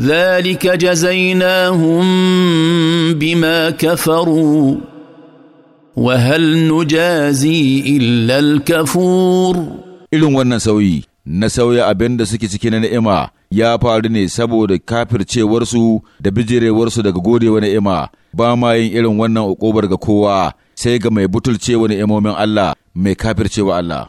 ذلك جزيناهم بما كفروا وهل نجازي إلا الكفور irin wannan sauyi na sauya abin da suke ciki na ni'ima ya faru ne saboda kafircewarsu da bijirewarsu daga godewa ni'ima ba ma yin irin wannan uƙobar ga kowa sai ga mai butulcewa ni'imomin Allah mai kafircewa Allah